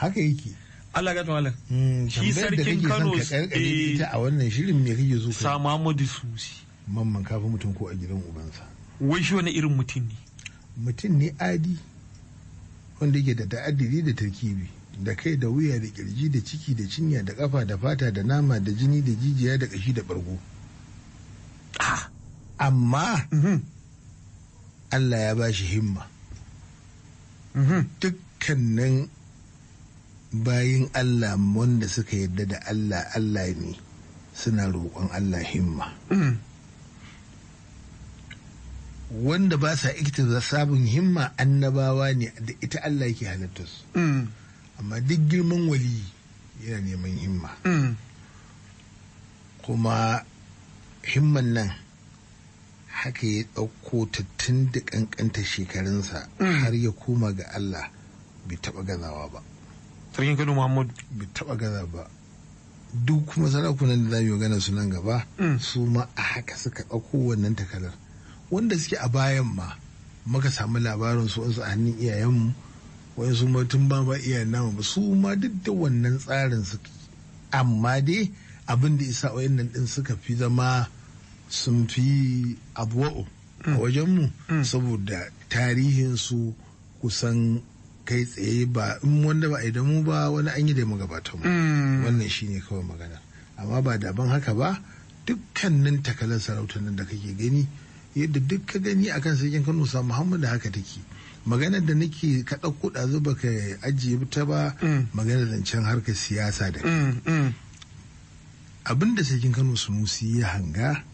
haka yake Allah ga hmm, tawala shi sarkin Kano eh, ta a wannan shirin me kake so sa Muhammadu Susi mamman kafi mutum ko a gidan ubansa wai shi wani irin mutum ne mutum ne adi wanda yake da ta'addiri da tarkibi da kai da wuya da kirji da ciki da cinya da kafa da fata da nama da jini da jijiya da kashi da bargo ah. amma mhm. Allah ya ba shi himma mhm. dukkanin bayin Allah wanda suka yarda da Allah Allah ne suna roƙon Allah himma mm. wanda ba sa ikita sabon himma annabawa ne da ita Allah yake halatta su mm. amma duk girman wali yana neman himma mm. kuma himman nan haka ya ɗauko ta da ƙanƙanta shekarunsa har ya koma ga Allah bai taɓa gazawa ba sarkin kano muhammad bai taba gaza ba duk kuma sarakunan da za mu su nan gaba mm. su ma a haka suka ɗauko wannan takalar wanda suke a bayan ma muka samu labarin su wasu a hannun iyayenmu wani su ma tun ba ba iyayen namu ba su ma duk da wannan tsarin su amma dai abin da isa wayannan din suka fi zama sun fi abuwa'u a mm. wajenmu mm. saboda tarihinsu kusan kai tsaye ba in wanda ba idan mu ba wani an yi da mu gabata mm. mu wannan shine kawai magana amma ba daban haka ba dukkanin takalar sarautar nan da kake gani yadda duk ka gani akan sarkin Kano sa Muhammadu haka take maganar da nake ka ɗauko ɗazu ba ka ajiye ta ba mm. maganar zancen harkar siyasa da mm, abin da sarkin Kano Sunusi ya hanga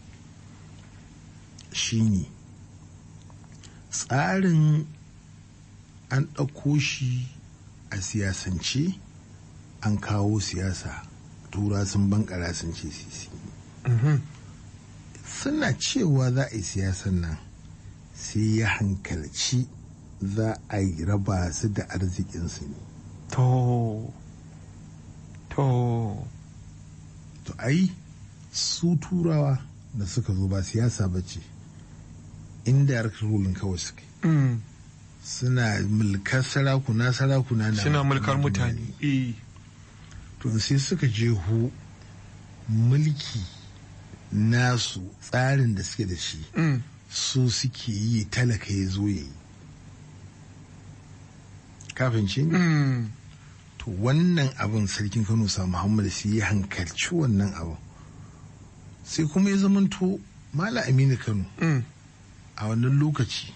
shine tsarin an ɗauko shi a siyasance an kawo siyasa tura sun bankara sun ce sisi mhm. suna cewa za a yi siyasan nan sai ya hankalci za a yi raba su da arzikinsu ne to to to ai su turawa da suka zo ba siyasa ba ce inda rulin kawai suke suna mulkar sarakuna sarakuna na suna mulkar mutane to sai suka je hu mulki nasu tsarin da suke da shi mm. su suke yi talaka ya zo ya yi kafin shi mm. to wannan abin sarkin kano sa muhammadu sai ya hankalci wannan abin sai kuma ya zamanto mala aminu kano mm. a wannan lokaci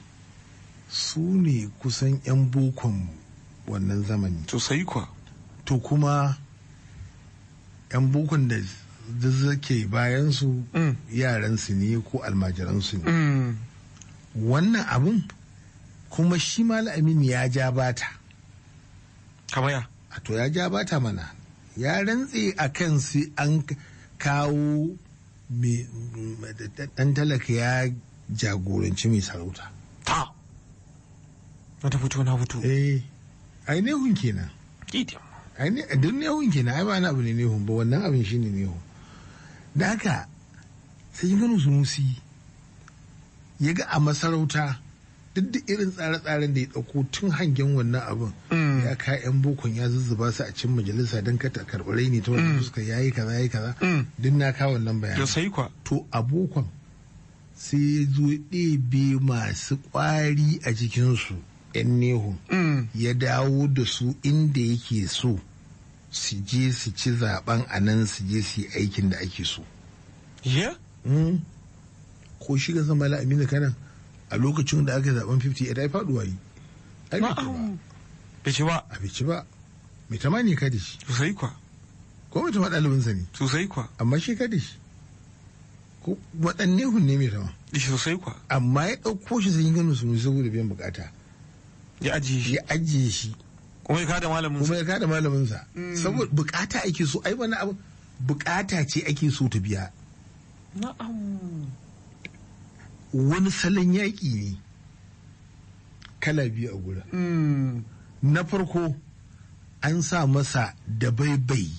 su ne kusan 'yan bokon wannan zamani to sai kwa to kuma 'yan bokon da zazzake bayansu yaransu ne ko almajiransu ne wannan abin kuma shi Aminu ya ja bata kamaya a to ya ja bata mana ya rantse a kan sai an kawo ɗan talaka ya jagoranci mai sarauta na ta fito na fito eh ai nehun kenan ai ne duk nehun kenan ai ba na abu ne nehun ba wannan abin shine nehun da haka sai kin gano musi ya ga a masarauta duk da irin tsare-tsaren da ya dauko tun hangen wannan abin mm. ya ka yan bokon ya zuzzuba su a cin majalisa don ka ta karɓi ne ta wani mm. fuska yi kaza yi kaza mm. duk na ka wannan bayanin sai kwa to a bokon sai ya zo ɗebe masu ƙwari a jikinsu 'yan nehu mm. ya dawo da su inda yake so su je su ci zaben a nan su je su yi aikin da ake so. Ya? Mm. Ko shi ga zama la'amina kanan a lokacin da aka zaben 50 ya faduwa yi. Ai ba. A bai ci ba. Mai tama ne kadi shi. Sosai kwa. Ko mai tama sa ne. Sosai kwa. Amma shi kadi shi. Ko waɗanne hun ne mai tama. Sosai kwa. Amma ya ɗauko shi zai yi gano su saboda biyan bukata. ya ajiye shi Ya ajiye shi. kuma ya kada malamin kuma ya kada malamin sa mm. saboda bukata ake so ai wannan abu bukata ce ake so ta biya na'am wani salon yaki ne kala biyu a gura mm. na farko an sa masa da baibai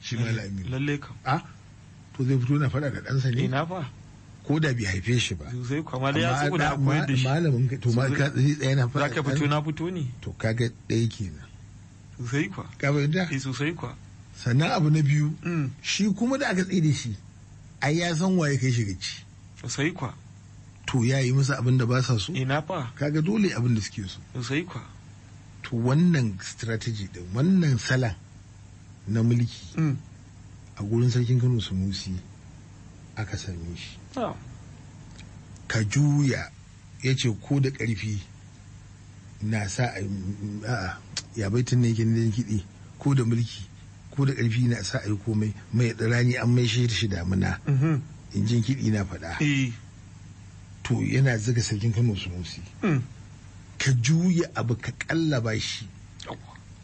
shi malami lalle kam a ah, to zai fito na fada da ɗansa ne ina fa ko da bai haife shi ba sai kamar ya koyar da shi malamin to ma ka tsaye na fara zaka fito na fito ne to kaga ɗaya kenan sosai kwa ka fahimta eh sosai kwa sannan abu na biyu mm. shi kuma da aka tsaye da shi ai ya san waye kai shi gaci sosai kwa to ya yi musu abin da ba sa so ina fa kaga dole abin da suke so sosai kwa to wannan strategy din wannan sala na mulki mm. a gurin sarkin Kano su Musi. aka same shi ah. ka juya ya ce ko da ƙarfi na sa a ya tun ne yake kiɗi ko da mulki ko da ƙarfi na sa a yi komai mai rani an mai shi shi damuna mhm. in jin kiɗi na faɗa eh. to yana zaga sarkin kano sunusi hmm. ka juya abu ka ƙallaba shi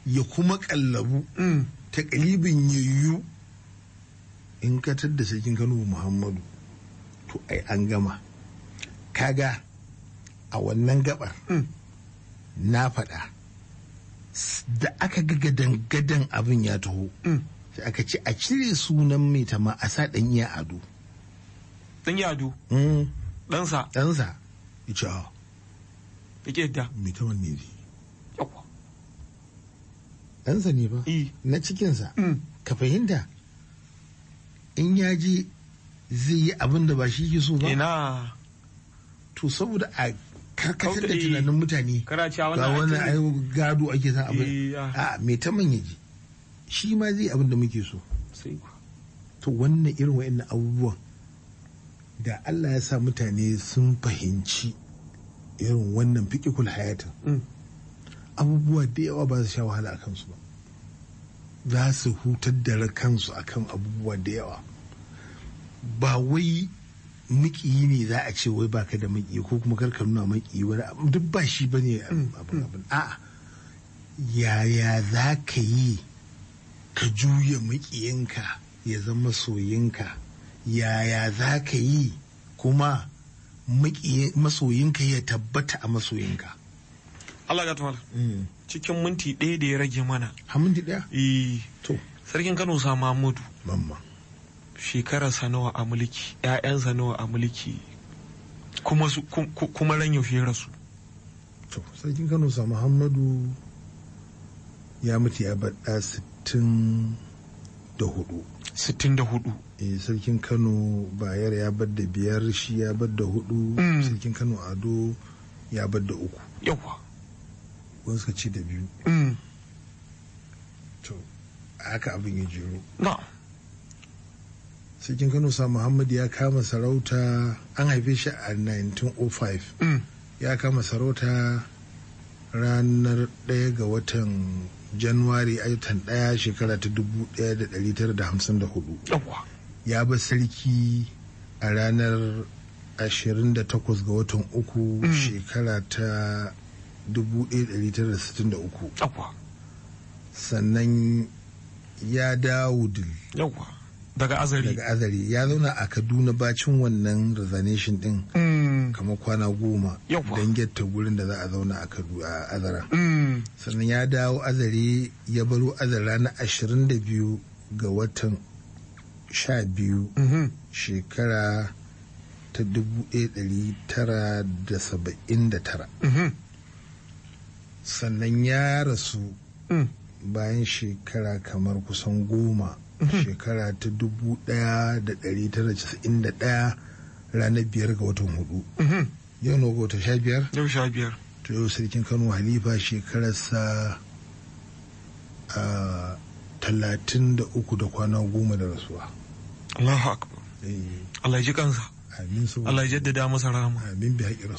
ya kuma ƙallabu hmm. ta ƙalibin yayu in ka tadda sarkin kano muhammadu to ai an gama kaga a wannan gabar mm. na faɗa da aka ga gadan-gadan abin ya taho mm. sai aka ce a cire sunan mai tama a sa ɗan iya ado ɗan iya ado mm. ɗansa ɗansa ya ce a ah. ya da mai tama ne ne ɗansa ne ba na cikinsa ka fahimta in ya je zai yi abin da ba shi ke so ba ina to saboda a karkatar da tunanin mutane ga wani ayo gado ake san abin eh, a mai ta manya ji shi ma zai abin da muke so to wannan irin wa'annan abubuwan da Allah ya sa mutane sun fahimci irin wannan fikikul hayatin mm. abubuwa da yawa ba su sha wahala a kansu ba za su hutar da kansu akan abubuwa da yawa ba wai mikiyi ne za a ce wai baka da makiyi ko kuma karka nuna makiyi wani duk ba shi ba ne mm. abin a'a yaya za ka yi ka juya makiyinka ya zama soyinka yaya za ka yi kuma masoyinka ya tabbata a masoyinka Allah ga tumala. Mm. Cikin minti ɗaya da ya rage mana. Ha minti ɗaya? Eh. To. Sarkin Kano sa mamudu Mamma. shekararsa nawa a mulki ‘ya'yansa nawa a mulki kuma, kuma ran yaushe rasu to sarkin kano sa muhammadu ya mutu ya baɗa sittin da hudu sittin da hudu eh sarkin kano bayar ya badda biyar shi ya badda hudu mm. sarkin kano ado ya badda uku yawa wani suka ci da biyu mm. to haka abin ya jiro sai kin gano sa muhammad ya kama sarauta an haife shi a 1905 mm. ya kama sarauta ranar 1 ga watan januwari ayatan ɗaya shekara ta 1954 ya ba sarki a ranar 28 ga watan uku mm. shekara ta 1963 sannan ya dawo dil daga azari daga azari ya zauna a kaduna bacin wannan resignation din mm. kamar kwana goma don getta gurin da za a zauna a azara mm. sannan ya dawo azari ya baro azara na 22 ga watan 12 mm-hmm. shekara ta 1979 mm-hmm. sannan ya rasu mm. bayan shekara kamar kusan goma Mhm. shekara ta 1991 ranar biyar ga watan hudu mhm. yau na gota sha biyar yau sha biyar yau sarkin kano halifa shekararsa a ah, talatin da uku da kwana goma da rasuwa Allahu akbar eh. Allah ji kansa Allah jaddada masa rama amin